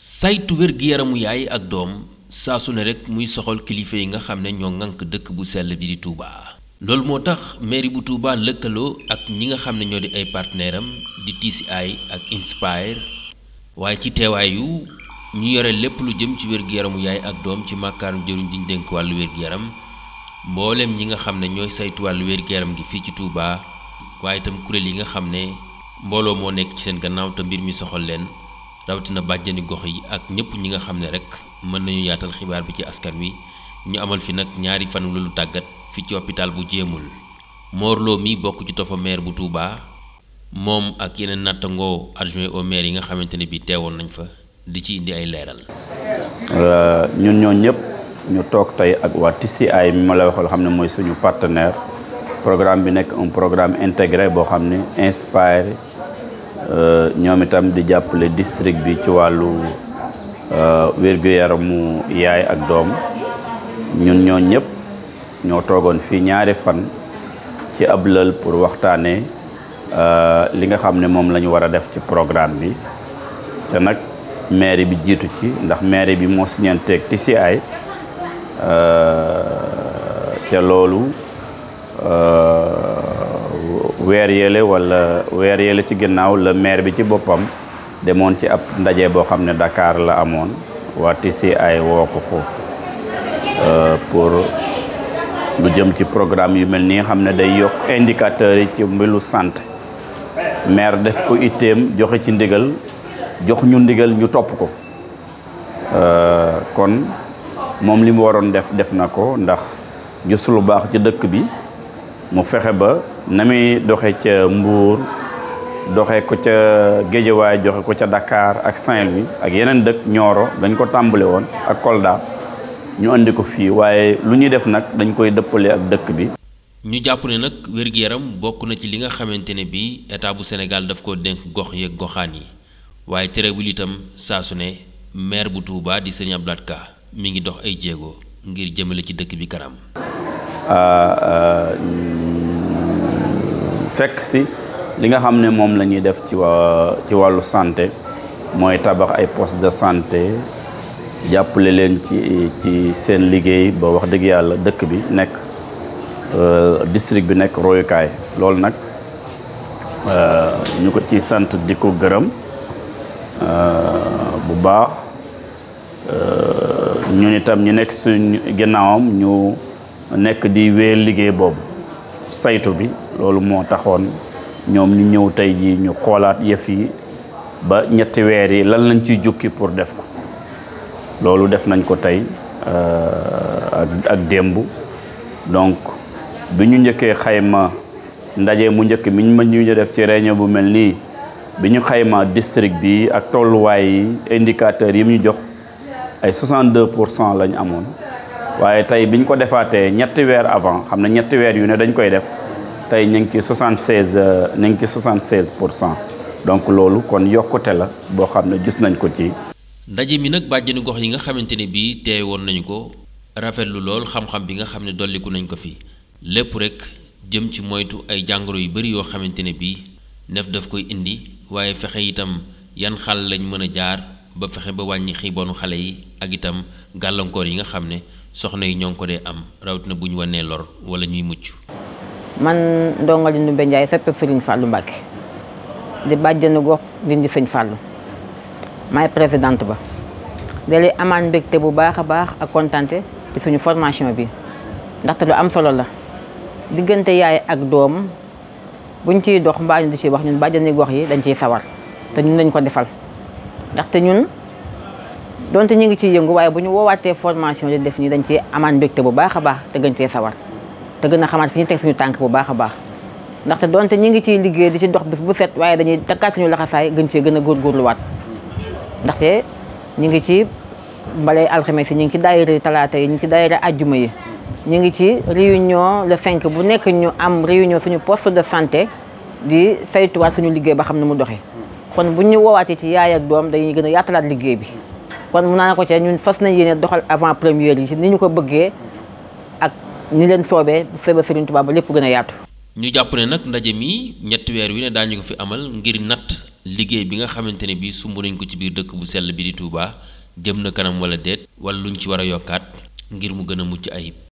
saytu wér-gi-yaramu yaay ak doom saa su ne rek muy soxal kilifa yi nga xam ne ñoo ŋànk dëkk bu sell bi di Touba. loolu moo tax mairie bu Touba lëkkaloo ak ñi nga xam ne ñoo di ay partenaire am di TCI ak Inspire waaye ci teewaayu ñu yore lépp lu jëm ci wér-gi-yaramu yaay ak doom ci màkkaaru jëriñ diñ dénk wàllu wér-gi-yaram mbooleem ñi nga xam ne ñooy saytu wàllu wér-gi-yaram gi fii ci Touba waaye itam kuréel yi nga xam ne mbooloo moo nekk ci seen gannaaw te mbir mi soxal leen rawatina bàjjani gox yi ak ñëpp ñi nga xam ne rek mën nañu yaatal xibaar bi ci askan wi ñu amal fi nag ñaari fan lu tàggat fi ci hôpital bu jéemul moorloo mi bokk ci tofa maire bu Touba moom ak yeneen nattangoo adjoint au maire yi nga xamante ne bi teewoon nañ fa di ci indi ay leeral euh, ñun ñoo ñëpp ñu toog tey ak waa TCI mi ma la waxal xam ne mooy suñu partenaire programme bi nekk un programme intégré boo xam ne inspiré Eh, ñoom itam di jàppale district bi ci wàllu eh, wér yaramu yaay ak doom ñun ñoo ñëpp ñoo toogoon fii ñaari fan ci ab lël pour waxtaanee eh, li nga xam ne moom la ñu war a def ci programme bi te nag maire bi jiitu ci ndax maire bi moo TCI te loolu weer yële wala weer yële ci ginnaaw la maire bi ci boppam demoon ci ab ndaje boo xam ne Dakar la amoon waa TCI woo ko foofu euh, pour lu jëm ci programme yu mel nii xam ne day yokk indicateurs yi ci mbilu santé maire def ko itteem joxe ci ndigal jox ñu ndigal ñu topp ko euh, kon moom li waroon def def na ko ndax gis lu ci dëkk bi mu fexe ba na muy doxe ca Mbour doxe ko ca Géejawaay joxe ko ca dakaar ak Saint-Louis ak yeneen dëkk Nioro dañ ko tàmbale woon ak Kolda ñu indi ko fii waaye lu ñuy def nag dañ koy dëppale ak dëkk bi ñu jàpp ne nag wér yaram bokk na ci li nga xamante ne bii état bu Sénégal daf ko denk gox yeeg goxaan yi waaye terewul itam saa su ne maire bu Touba di Serigne Abdou Lahad mi ngi dox ay jéego ngir jëmale ci dëkk bi kanam Euh, euh, fekk si li nga xam ne moom lañuy def ci ci wàllu santé mooy tabax ay poste de santé jàppale leen ci ci seen liggéey ba wax dëgg yàlla dëkk bi nekk euh, district bi nekk royukaay loolu nag ñu ko ci sant di ko gërëm bu baax ñun itam ñu nekk suñ ginnaawam ñu nekk di weer liggéey boobu saytu bi loolu moo taxoon ñoom ñu ñëw tey jii ñu xoolaat yëf yi ba ñetti weer yi lan lañ ciy jukki pour def ko loolu def nañ ko tey euh, ak démb donc bi ñu njëkkee xayma ndaje mu njëkk mi mën ñu def ci réunion bu mel nii bi ñu xayma district bi ak tolluwaay yi indicateurs yi mu ñu jox ay 62 pour cent lañ amoon waaye tey ñu ko defaatee ñetti weer avant xam ne ñetti weer yu ne dañ koy def tey ñu ngi ci 76 euh, ñu ngi ci 76 pour cent donc loolu kon yokkute la boo xam ne gis nañ ko ci. ndaje mi nag bàjjenu gox yi nga xamante ne bii teewe woon nañu ko rafetlu lool xam-xam bi nga xam ne dolliku nañ ko fi lépp rek jëm ci moytu ay jàngoro yu bari yoo xamante ne bii nef daf koy indi waaye fexe itam yan xal lañu mën a jaar ba fexe ba wàññi xiibonu xale yi ak itam gàllankoor yi nga xam ne. soxna yi ñoo ngi ko dee am rawatina bu ñu wanee lor wala ñuy mucc. man ndongo Ndoumbé Ndiaye soppeeku Serigne Fallou Mbacke di bàjjenu gox dindi sëñ Fallou maay président ba. dalee amaan mbégte bu baax a baax ak kontante suñu formation bi ndaxte lu am solo la diggante yaay ak doom buñ ciy dox mbaa ñu di ciy wax ñun bàjjenu gox yi dañ ciy sawar te ñun lañ ko defal ndaxte ñun. donte ñu ngi ciy yëngu waaye bu ñu woowaatee formation di def nii dañ ci amaat mbégte bu baax a baax te gën cee sawar te gën a xamaat fi ñu teg suñu tànk bu baax a baax ndaxte donte ñu ngi ciy liggéey di ci dox bis bu set waaye dañuy takkaat suñu laxasaay gën cee gën a góorgóorluwaat ndaxte ñu ngi ci mbalay alxames yi ñu ngi ci daayira talaata yi ñu ngi ci daayira ajjuma yi ñu ngi ci réunion le 5 bu nekk ñu am réunion suñu poste de santé di saytuwaat suñu liggéey ba xam ne mu doxee kon bu ñu woowaatee ci yaay ak doom dañuy gën a yaatalaat liggéey bi kon mun naa ko cee ñun fas nañ yéene doxal avant première yi si ni ñu ko bëggee ak ñu leen soobee soobee Serigne Touba ba lépp gën a yaatu. ñu jàpp ne nag ndaje mi ñetti weer wi ne ñu ko fi amal ngir natt liggéey bi nga xamante ne bii sumb nañ ko ci biir dëkk bu sell bi di Touba jëm na kanam wala déet wala luñ ci war a yokkaat ngir mu gën a mucc ayib.